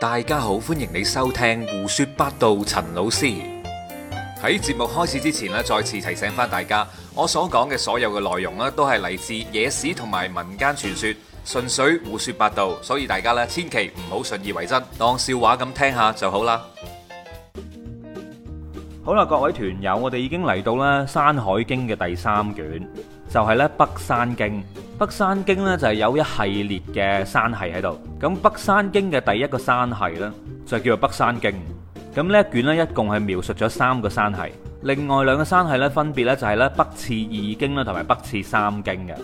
大家好，歡迎你收聽胡說八道。陳老師喺節目開始之前呢，再次提醒翻大家，我所講嘅所有嘅內容呢，都係嚟自野史同埋民間傳說，純粹胡說八道，所以大家呢，千祈唔好信以為真，當笑話咁聽下就好啦。好啦，各位團友，我哋已經嚟到呢《山海經》嘅第三卷。就係咧北山經，北山經咧就係有一系列嘅山系喺度。咁北山經嘅第一個山系咧，就叫做北山經。咁呢卷咧，一共係描述咗三個山系，另外兩個山系咧，分別咧就係咧北次二經啦，同埋北次三經嘅。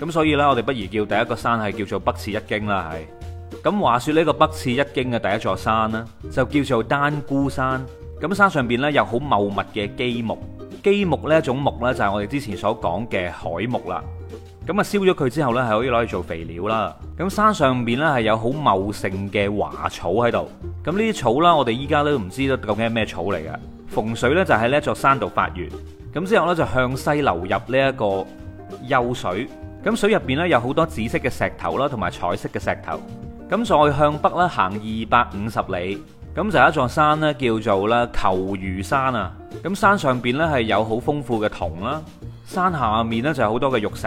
咁所以咧，我哋不如叫第一個山系叫做北次一經啦，係。咁話說呢個北次一經嘅第一座山咧，就叫做丹姑山。咁山上邊咧有好茂密嘅基木。基木呢一種木咧，就係我哋之前所講嘅海木啦。咁啊，燒咗佢之後呢，係可以攞去做肥料啦。咁山上邊呢，係有好茂盛嘅華草喺度。咁呢啲草啦，我哋依家都唔知道究竟係咩草嚟嘅。逢水呢，就喺呢一座山度發源。咁之後呢，就向西流入呢一個幽水。咁水入邊呢，有好多紫色嘅石頭啦，同埋彩色嘅石頭。咁再向北啦，行二百五十里，咁就有一座山呢，叫做啦求如山啊。咁山上邊呢係有好豐富嘅銅啦，山下面呢就有好多嘅玉石。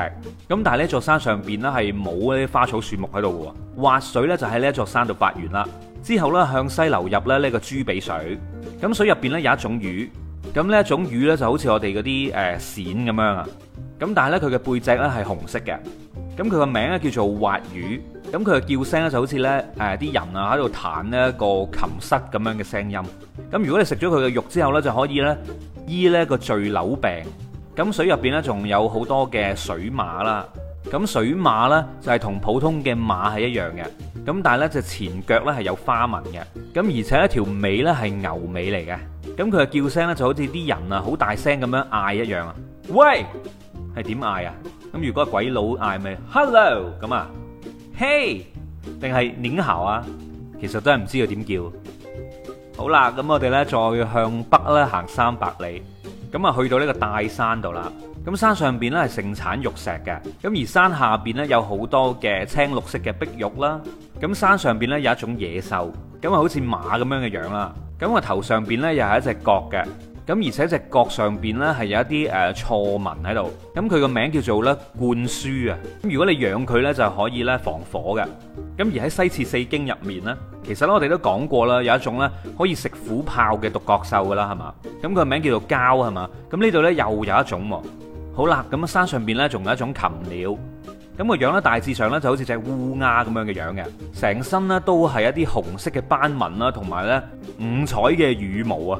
咁但係呢座山上邊呢係冇啲花草樹木喺度嘅，滑水呢就喺呢一座山度發源啦。之後呢向西流入咧呢個珠髀水。咁水入邊呢有一種魚，咁呢一種魚咧就好似我哋嗰啲誒鱔咁樣啊。咁但係呢，佢嘅背脊呢係紅色嘅，咁佢個名呢叫做滑魚。咁佢嘅叫聲咧就好似咧誒啲人啊喺度彈咧個琴瑟咁樣嘅聲音。咁如果你食咗佢嘅肉之後咧就可以咧醫呢個贅瘤病。咁水入邊咧仲有好多嘅水馬啦。咁水馬咧就係同普通嘅馬係一樣嘅。咁但係咧隻前腳咧係有花紋嘅。咁而且咧條尾咧係牛尾嚟嘅。咁佢嘅叫聲咧就好似啲人啊好大聲咁樣嗌一樣啊。喂，係點嗌啊？咁如果鬼佬嗌咪 hello 咁啊？嘿，定係擰喉啊！其實真係唔知道點叫。好啦，咁我哋呢，再向北呢行三百里，咁啊去到呢個大山度啦。咁山上邊呢係盛產玉石嘅，咁而山下邊呢，有好多嘅青綠色嘅碧玉啦。咁山上邊呢，有一種野獸，咁啊好似馬咁樣嘅樣啦。咁個頭上邊呢，又係一隻角嘅。咁而且隻角上邊呢，係有一啲誒、呃、錯紋喺度，咁佢個名叫做咧灌輸啊！咁如果你養佢呢，就可以咧防火嘅。咁而喺西次四經入面呢，其實呢，我哋都講過啦，有一種呢可以食虎豹嘅獨角獸噶啦，係嘛？咁佢個名叫做蛟，係嘛？咁呢度呢，又有一種喎。好啦，咁喺山上邊呢，仲有一種禽鳥，咁個樣呢，大致上呢，就好似隻烏鴉咁樣嘅樣嘅，成身呢，都係一啲紅色嘅斑紋啦，同埋呢五彩嘅羽毛啊！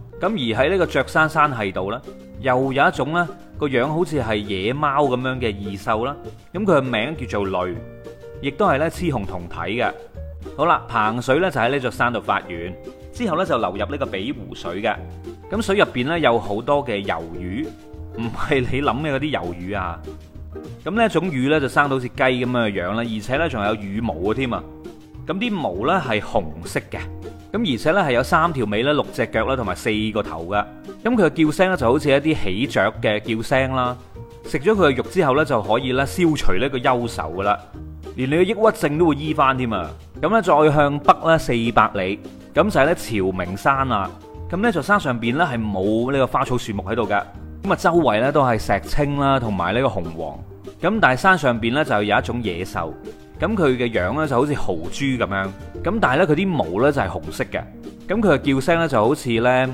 咁而喺呢個雀山山系度呢，又有一種呢個樣好似係野貓咁樣嘅異獸啦。咁佢嘅名叫做雷，亦都係呢雌雄同體嘅。好啦，彭水呢就喺呢座山度發源，之後呢就流入呢個比湖水嘅。咁水入邊呢有好多嘅魷魚，唔係你諗嘅嗰啲魷魚啊。咁呢一種魚呢就生到好似雞咁樣嘅樣啦，而且呢仲有羽毛㗎添啊。咁啲毛呢係紅色嘅。咁而且咧係有三條尾咧、六隻腳咧同埋四個頭噶。咁佢嘅叫聲咧就好似一啲喜鵲嘅叫聲啦。食咗佢嘅肉之後呢，就可以咧消除呢個憂愁噶啦，連你嘅抑鬱症都會醫翻添啊。咁呢，再向北呢，四百里，咁就係呢朝明山啊。咁呢座山上邊呢，係冇呢個花草樹木喺度嘅。咁啊周圍呢，都係石青啦同埋呢個紅黃。咁但係山上邊呢，就有一種野獸，咁佢嘅樣咧就好似豪豬咁樣，咁但係咧佢啲毛咧就係紅色嘅，咁佢嘅叫聲咧就好似咧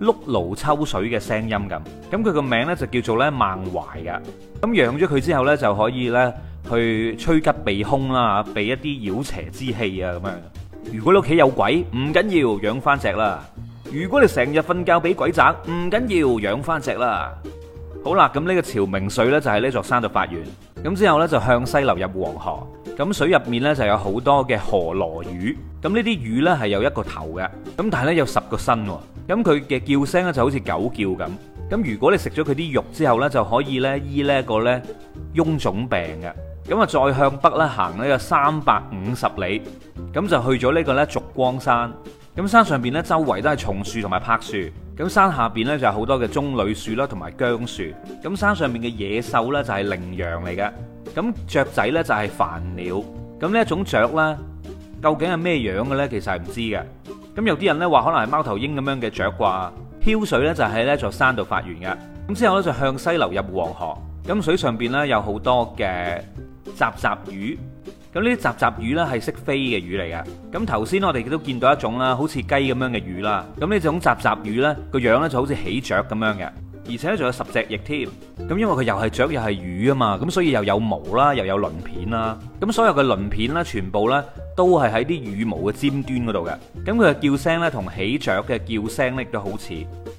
轆轤抽水嘅聲音咁，咁佢個名咧就叫做咧孟槐嘅。咁養咗佢之後咧就可以咧去趨吉避凶啦，吓避一啲妖邪之氣啊咁樣。如果你屋企有鬼，唔緊要，養翻隻啦。如果你成日瞓覺俾鬼砸，唔緊要，養翻隻啦。好啦，咁呢個譙明水咧就喺呢座山度發源，咁之後咧就向西流入黃河。咁水入面呢就有好多嘅河羅魚，咁呢啲魚呢係有一個頭嘅，咁但係呢有十個身，咁佢嘅叫聲呢就好似狗叫咁，咁如果你食咗佢啲肉之後呢，就可以呢醫呢一個呢臃腫病嘅。咁啊再向北呢行呢個三百五十里，咁就去咗呢個呢涿光山，咁山上邊呢，周圍都係松樹同埋柏樹。咁山下邊咧就有好多嘅棕櫚樹啦，同埋姜樹。咁山上面嘅野獸咧就係羚羊嚟嘅。咁雀仔咧就係繁鳥。咁呢一種雀咧，究竟係咩樣嘅咧？其實係唔知嘅。咁有啲人咧話可能係貓頭鷹咁樣嘅雀啩。漂水咧就喺呢座山度發源嘅。咁之後咧就向西流入黃河。咁水上邊咧有好多嘅雜雜魚。咁呢啲雜雜魚呢，係識飛嘅魚嚟嘅。咁頭先我哋都見到一種啦，好似雞咁樣嘅魚啦。咁呢種雜雜魚呢，個樣呢就好似喜鵲咁樣嘅，而且仲有十隻翼添。咁因為佢又係雀又係魚啊嘛，咁所以又有毛啦，又有鱗片啦。咁所有嘅鱗片呢，全部呢都係喺啲羽毛嘅尖端嗰度嘅。咁佢嘅叫聲呢，同喜鵲嘅叫聲呢都好似。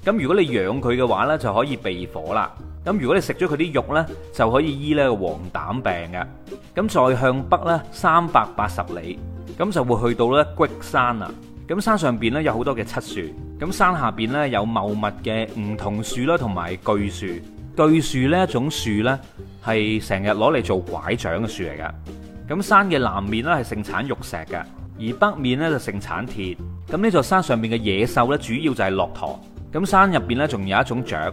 咁如果你養佢嘅話呢，就可以避火啦。咁如果你食咗佢啲肉呢，就可以醫呢個黃疸病嘅。咁再向北呢，三百八十里，咁就會去到呢虢山啊。咁山上邊呢，有好多嘅漆樹，咁山下邊呢，有茂密嘅梧桐樹啦，同埋椐樹。椐樹呢一種樹呢，係成日攞嚟做拐杖嘅樹嚟嘅。咁山嘅南面呢，係盛產玉石嘅，而北面呢，就盛產鐵。咁呢座山上邊嘅野獸呢，主要就係駱駝。咁山入邊呢，仲有一種雀。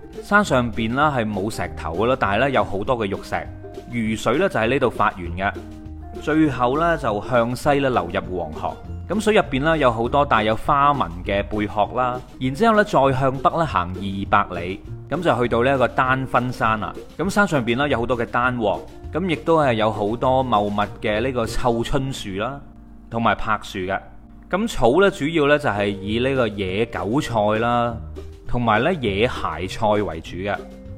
山上邊咧，係冇石頭嘅啦，但係咧有好多嘅玉石。魚水咧就喺呢度發源嘅，最後咧就向西咧流入黃河。咁水入邊咧有好多帶有花紋嘅貝殼啦，然之後咧再向北咧行二百里，咁就去到呢一個丹燻山啦。咁山上邊咧有好多嘅丹雘，咁亦都係有好多茂密嘅呢個臭椿樹啦，同埋柏樹嘅。咁草咧主要咧就係以呢個野韭菜啦。同埋咧野薤菜為主嘅，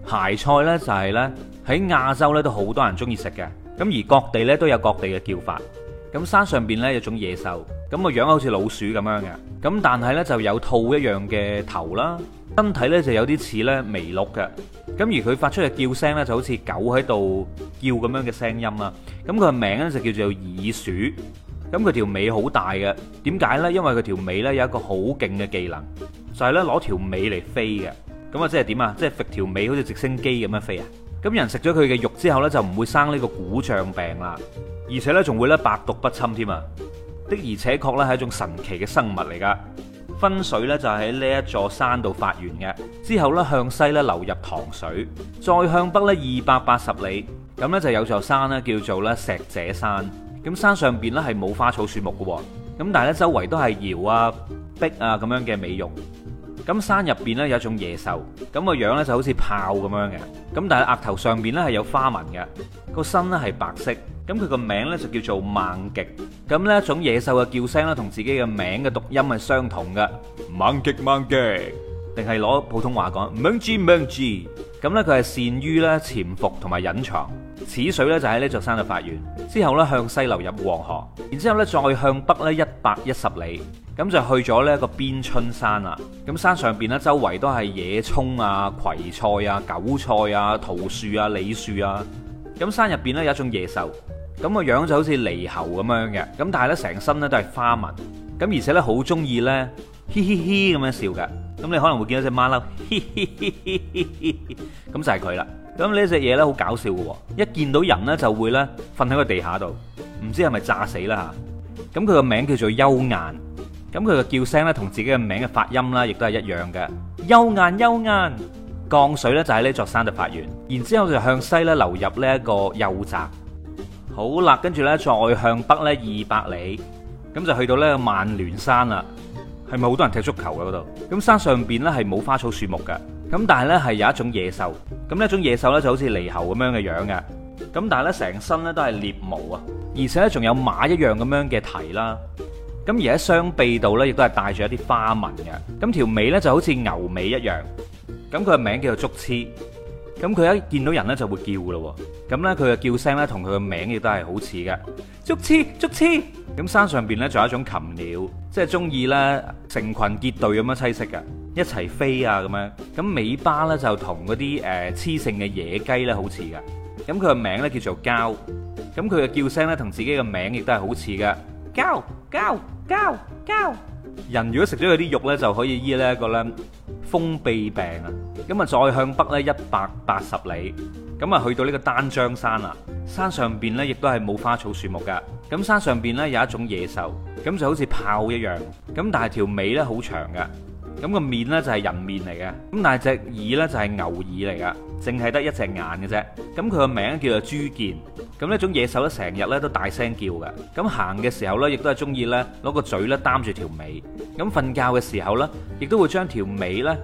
薤菜咧就係咧喺亞洲咧都好多人中意食嘅。咁而各地咧都有各地嘅叫法。咁山上邊咧有種野獸，咁個樣好似老鼠咁樣嘅，咁但係咧就有兔一樣嘅頭啦，身體咧就有啲似咧麋鹿嘅。咁而佢發出嘅叫聲咧就好似狗喺度叫咁樣嘅聲音啦。咁佢嘅名咧就叫做耳鼠。咁佢條尾好大嘅，點解咧？因為佢條尾咧有一個好勁嘅技能。就係咧攞條尾嚟飛嘅，咁啊即係點啊？即係揈條尾好似直升機咁樣飛啊！咁人食咗佢嘅肉之後呢，就唔會生呢個鼓脹病啦，而且呢，仲會呢百毒不侵添啊！的而且確呢，係一種神奇嘅生物嚟噶。分水呢，就喺呢一座山度發源嘅，之後呢，向西呢流入糖水，再向北呢二百八十里，咁呢，就有座山呢，叫做呢石者山，咁山上邊呢，係冇花草樹木嘅喎。咁但係咧，周圍都係窯啊、壁啊咁樣嘅美容。咁山入邊咧有一種野獸，咁個樣咧就好似豹咁樣嘅。咁但係額頭上面咧係有花紋嘅，個身咧係白色。咁佢個名咧就叫做猛極。咁呢一種野獸嘅叫聲咧同自己嘅名嘅讀音係相同嘅，猛極猛極，定係攞普通話講猛極猛極。咁咧佢係善於咧潛伏同埋隱藏。此水咧就喺呢座山度發源，之後咧向西流入黃河。然之後咧再向北咧一百一十里，咁就去咗呢個邊春山啦。咁山上邊咧周圍都係野蔥啊、葵菜啊、韭菜啊、桃樹啊、李樹啊。咁、啊、山入邊咧有一種野獸，咁個樣就好似獼猴咁樣嘅，咁但係咧成身咧都係花紋，咁而且咧好中意咧嘻嘻嘻咁樣笑噶。咁你可能會見到隻馬騮，嘻嘻嘻，咁就係佢啦。咁呢一隻嘢咧好搞笑嘅，一見到人咧就會咧瞓喺個地下度，唔知係咪炸死啦吓。咁佢個名叫做幽雁，咁佢嘅叫聲咧同自己嘅名嘅發音啦，亦都係一樣嘅。幽雁幽雁，降水咧就喺呢座山度發源，然之後就向西咧流入呢一個幼澤。好啦，跟住咧再向北咧二百里，咁就去到呢個蔓聯山啦。係咪好多人踢足球喺嗰度？咁山上邊咧係冇花草樹木嘅。咁但係咧係有一種野獸，咁咧種野獸咧就好似獼猴咁樣嘅樣嘅，咁但係咧成身咧都係鬣毛啊，而且咧仲有馬一樣咁樣嘅蹄啦，咁而喺雙臂度咧亦都係帶住一啲花紋嘅，咁條尾咧就好似牛尾一樣，咁佢嘅名叫做足訾，咁佢一見到人咧就會叫噶咯，咁咧佢嘅叫聲咧同佢嘅名亦都係好似嘅，足訾足訾，咁山上邊咧仲有一種禽鳥，即係中意咧成群結隊咁樣棲息嘅。一齊飛啊咁樣，咁尾巴咧就同嗰啲誒雌性嘅野雞咧好似嘅，咁佢個名咧叫做鵁，咁佢嘅叫聲咧同自己嘅名亦都係好似嘅，鵁鵁鵁鵁。人如果食咗佢啲肉咧，就可以醫咧一個咧風痹病啊。咁啊，再向北咧一百八十里，咁啊去到呢個丹張山啦，山上邊咧亦都係冇花草樹木嘅，咁山上邊咧有一種野獸，咁就好似豹一樣，咁但係條尾咧好長嘅。咁個面咧就係人面嚟嘅，咁但係隻耳咧就係牛耳嚟噶，淨係得一隻眼嘅啫。咁佢個名叫做諸犍。咁呢種野獸咧，成日咧都大聲叫嘅。咁行嘅時候咧，亦都係中意咧攞個嘴咧擔住條尾。咁瞓覺嘅時候咧，亦都會將條尾咧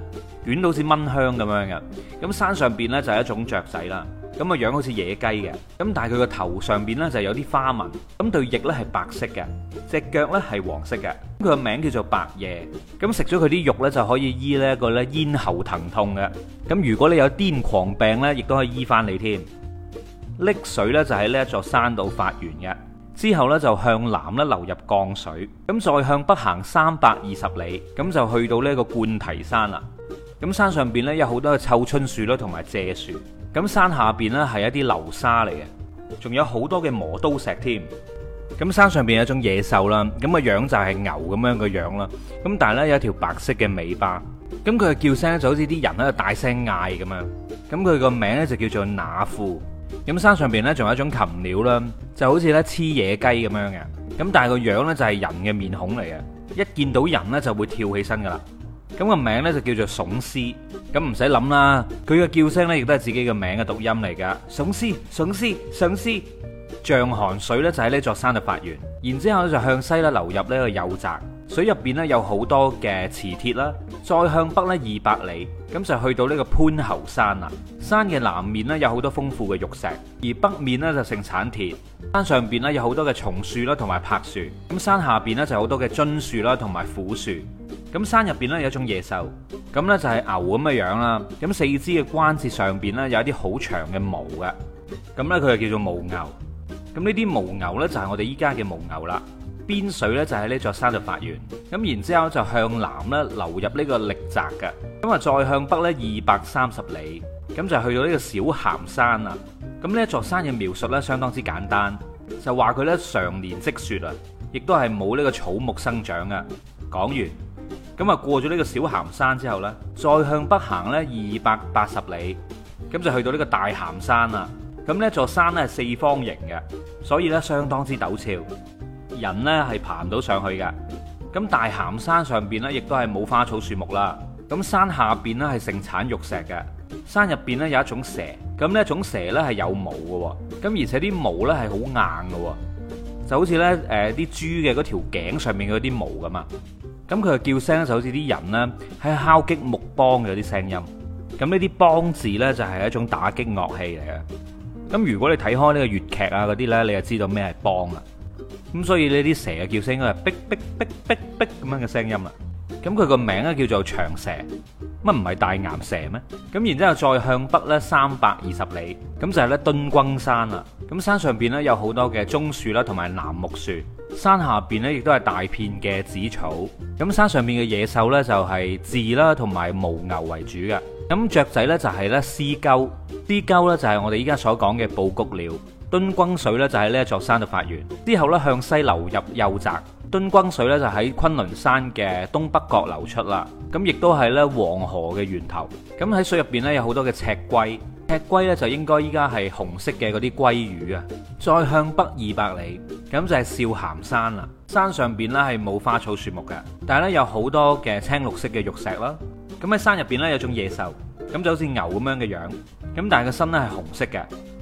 捲到好似蚊香咁樣嘅。咁山上邊咧就係一種雀仔啦。咁啊樣好似野雞嘅，咁但係佢個頭上邊呢就有啲花紋，咁對翼呢係白色嘅，隻腳呢係黃色嘅，咁佢個名叫做白鵺。咁食咗佢啲肉呢，就可以醫呢個呢咽喉疼痛嘅，咁如果你有癲狂病呢，亦都可以醫翻你添。櫟水呢就喺呢一座山度發源嘅，之後呢就向南呢流入杠水，咁再向北行三百二十里，咁就去到呢個灌題山啦。咁山上邊呢，有好多臭椿樹啦，同埋柘樹。咁山下邊呢係一啲流沙嚟嘅，仲有好多嘅磨刀石添。咁山上邊有一種野獸啦，咁個樣就係牛咁樣嘅樣啦。咁但係呢，有一條白色嘅尾巴。咁佢嘅叫聲就好似啲人喺度大聲嗌咁樣。咁佢個名咧就叫做那夫。咁山上邊呢仲有一種禽鳥啦，就好似咧黐野雞咁樣嘅。咁但係個樣呢就係人嘅面孔嚟嘅，一見到人呢就會跳起身噶啦。咁個名咧就叫做竦斯。咁唔使諗啦，佢嘅叫聲咧亦都係自己嘅名嘅讀音嚟噶。竦斯，竦斯，竦斯。匠韓水咧就喺呢座山度發源，然之後咧就向西啦流入呢個泑澤，水入邊咧有好多嘅磁鐵啦。再向北咧二百里，咁就去到呢個潘侯山啊。山嘅南面咧有好多豐富嘅玉石，而北面呢，就盛產鐵。山上邊呢，有好多嘅松樹啦，同埋柏樹，咁山下邊呢，就好多嘅榛樹啦，同埋楛樹。咁山入邊咧有一種野獸，咁咧就係、是、牛咁嘅樣啦。咁四肢嘅關節上邊咧有一啲好長嘅毛嘅，咁咧佢就叫做犛牛。咁呢啲犛牛咧就係我哋依家嘅犛牛啦。邊水咧就喺呢座山度發源，咁然之後就向南咧流入呢個力澤嘅。咁啊再向北咧二百三十里，咁就去到呢個小咸山啦。咁呢一座山嘅描述咧相當之簡單，就話佢咧常年積雪啊，亦都係冇呢個草木生長嘅。講完。咁啊，過咗呢個小咸山之後呢，再向北行呢二百八十里，咁就去到呢個大咸山啦。咁呢座山呢係四方形嘅，所以呢相當之陡峭，人呢係爬唔到上去嘅。咁大咸山上邊呢亦都係冇花草樹木啦。咁山下邊呢係盛產玉石嘅，山入邊呢有一種蛇。咁呢一種蛇呢係有毛嘅，咁而且啲毛呢係好硬嘅，就好似呢誒啲豬嘅嗰條頸上面嗰啲毛咁啊。咁佢嘅叫聲咧，就好似啲人咧喺敲擊木梆嘅啲聲音。咁呢啲梆字咧，就係一種打擊樂器嚟嘅。咁如果你睇開呢個粵劇啊嗰啲咧，你就知道咩係梆啦。咁所以呢啲蛇嘅叫聲應該係嗶嗶嗶嗶嗶咁樣嘅聲音啦。咁佢個名咧叫做長蛇，乜唔係大岩蛇咩？咁然之後再向北咧三百二十里，咁就係咧敦薨山啦。咁山上邊咧有好多嘅棕樹啦，同埋楠木樹。山下邊咧，亦都係大片嘅紫草。咁山上面嘅野獸呢，就係字啦，同埋毛牛為主嘅。咁雀仔呢，就係呢絲鳩。絲鳩呢，就係我哋依家所講嘅布谷鳥。敦軍水呢，就喺呢一座山度發源，之後呢，向西流入右澤。敦軍水呢，就喺昆崙山嘅東北角流出啦。咁亦都係呢黃河嘅源頭。咁喺水入邊呢，有好多嘅赤龜。赤龜咧就應該依家係紅色嘅嗰啲鮭魚啊！再向北二百里，咁就係少咸山啦。山上邊咧係冇花草樹木嘅，但係咧有好多嘅青綠色嘅玉石啦。咁喺山入邊咧有種野獸，咁就好似牛咁樣嘅樣，咁但係個身咧係紅色嘅，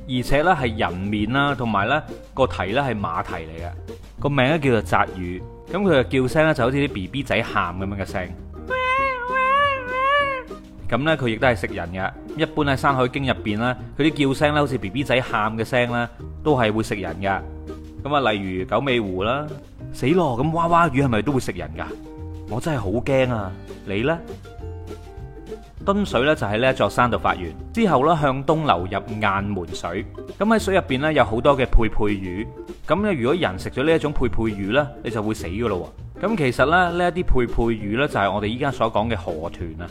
而且咧係人面啦，同埋咧個蹄咧係馬蹄嚟嘅，個名咧叫做澤魚。咁佢嘅叫聲咧就好似啲 BB 仔喊咁樣嘅聲。咁呢，佢亦都係食人嘅。一般喺《山海經》入邊呢，佢啲叫聲咧，好似 B B 仔喊嘅聲啦，都係會食人嘅。咁啊，例如九尾狐啦，死咯！咁娃娃魚係咪都會食人噶？我真係好驚啊！你呢？敦水呢，就喺呢一座山度發源，之後呢，向東流入雁門水。咁喺水入邊呢，有好多嘅配配魚。咁呢，如果人食咗呢一種配配魚呢，你就會死噶咯喎！咁其實咧，呢一啲配配魚呢，就係我哋依家所講嘅河豚啊，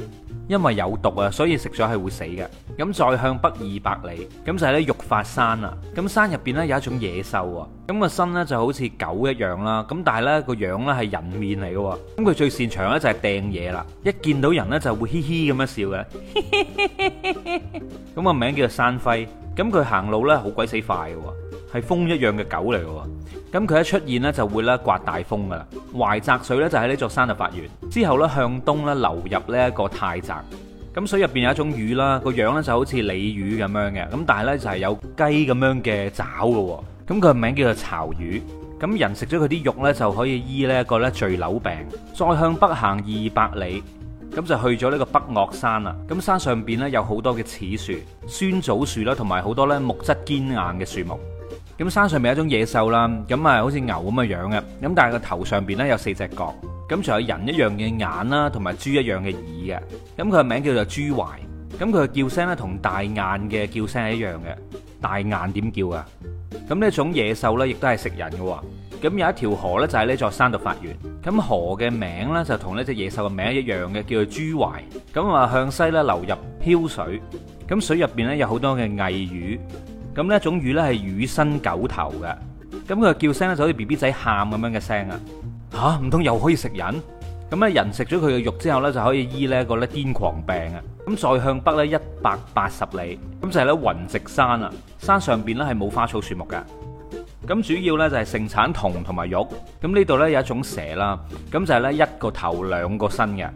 因為有毒啊，所以食咗係會死嘅。咁再向北二百里，咁就係咧玉法山啊。咁山入邊呢，有一種野獸啊，咁個身呢就好似狗一樣啦，咁但係呢個樣呢，係人面嚟嘅。咁佢最擅長呢，就係掟嘢啦，一見到人呢，就會嘻嘻咁樣笑嘅。嘻嘻嘻，咁個名叫做山輝，咁佢行路呢，好鬼死快嘅。係風一樣嘅狗嚟嘅，咁佢一出現呢，就會咧刮大風噶啦。淮澤水咧就喺呢座山度發源，之後咧向東咧流入呢一個泰澤。咁水入邊有一種魚啦，個樣咧就好似鯉魚咁樣嘅，咁但係咧就係有雞咁樣嘅爪嘅。咁佢個名叫做巢魚。咁人食咗佢啲肉咧就可以醫呢一個咧贅瘤病。再向北行二百里，咁就去咗呢個北岳山啦。咁山上邊咧有好多嘅柿樹、酸棗樹啦，同埋好多咧木質堅硬嘅樹木。咁山上邊有一種野獸啦，咁啊好似牛咁嘅樣嘅，咁但係個頭上邊呢，有四隻角，咁仲有人一樣嘅眼啦，同埋豬一樣嘅耳嘅，咁佢嘅名叫做豬懷，咁佢嘅叫聲呢，同大雁嘅叫聲係一樣嘅，大雁點叫啊？咁呢一種野獸呢，亦都係食人嘅喎，咁有一條河呢，就喺呢座山度發源，咁河嘅名呢，就同呢隻野獸嘅名一樣嘅，叫做豬懷，咁啊向西呢，流入漂水，咁水入邊呢，有好多嘅蟻魚。咁呢一種魚咧係魚身狗頭嘅，咁佢嘅叫聲咧就好似 B B 仔喊咁樣嘅聲啊！嚇，唔通又可以食人？咁咧人食咗佢嘅肉之後呢，就可以醫呢個咧癲狂病啊！咁再向北呢，一百八十里，咁就係咧渾夕山啊！山上邊呢，係冇花草樹木嘅，咁主要呢，就係盛產銅同埋玉。咁呢度呢，有一種蛇啦，咁就係、是、呢一個頭兩個身嘅，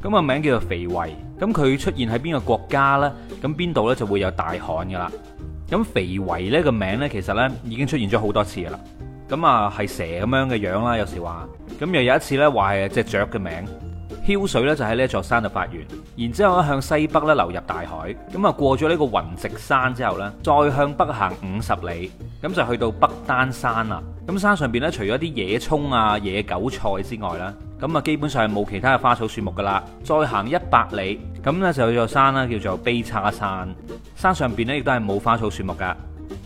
咁個名叫做肥遺。咁佢出現喺邊個國家呢？咁邊度呢，就會有大旱嘅啦。咁肥遺呢個名呢，其實呢已經出現咗好多次啦。咁啊，係蛇咁樣嘅樣啦，有時話，咁又有一次呢話係隻雀嘅名。囂水呢就喺呢座山度發源，然之後向西北咧流入大海。咁啊，過咗呢個渾夕山之後呢，再向北行五十里，咁就去到北單山啦。咁山上邊呢，除咗啲野蔥啊、野韭菜之外咧，咁啊，基本上係冇其他嘅花草樹木噶啦。再行一百里，咁呢就有座山啦，叫做羆差山。山上邊呢亦都係冇花草樹木噶。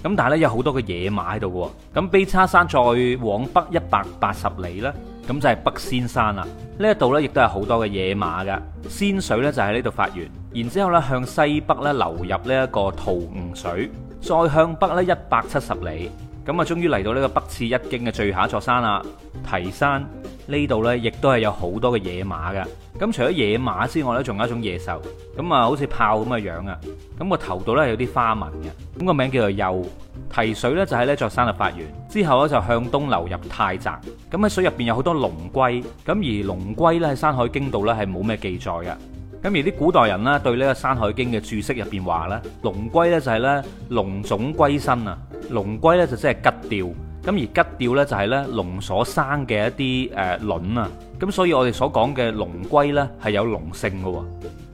咁但係呢，有好多嘅野馬喺度嘅。咁羆差山再往北一百八十里呢，咁就係、是、北鮮山啦。呢一度呢亦都係好多嘅野馬噶。鮮水呢就喺呢度發源，然之後咧向西北咧流入呢一個塗吾水，再向北呢一百七十里。咁啊，終於嚟到呢個北次一經嘅最下一座山啦，提山呢度呢，亦都係有好多嘅野馬嘅。咁除咗野馬之外呢，仲有一種野獸，咁啊，好似豹咁嘅樣啊。咁個頭度呢有啲花紋嘅，咁個名叫做幼。提水呢，就喺呢座山度發源，之後呢，就向東流入泰澤。咁喺水入邊有好多龍龜，咁而龍龜呢，喺山海經度呢，係冇咩記載嘅。咁而啲古代人咧，對呢個《山海經》嘅注釋入邊話咧，龍龜咧就係咧龍種龜身啊，龍龜咧就即係吉弔。咁而吉弔咧就係咧龍所生嘅一啲誒卵啊。咁所以我哋所講嘅龍龜咧係有龍性嘅。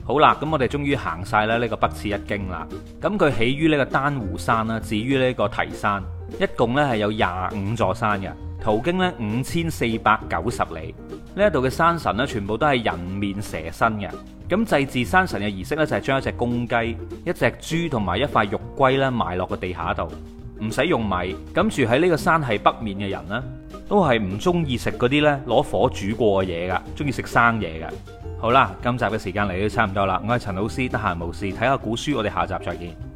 好啦，咁我哋終於行曬啦呢個北次一經啦。咁佢起於呢個丹湖山啦，至於呢個提山，一共咧係有廿五座山嘅。途經咧五千四百九十里，呢一度嘅山神咧全部都係人面蛇身嘅。咁祭祀山神嘅儀式咧就係將一隻公雞、一隻豬同埋一塊玉龜咧埋落個地下度，唔使用,用米。咁住喺呢個山係北面嘅人啦，都係唔中意食嗰啲咧攞火煮過嘅嘢噶，中意食生嘢噶。好啦，今集嘅時間嚟到差唔多啦，我係陳老師，得閒無事睇下古書，我哋下集再見。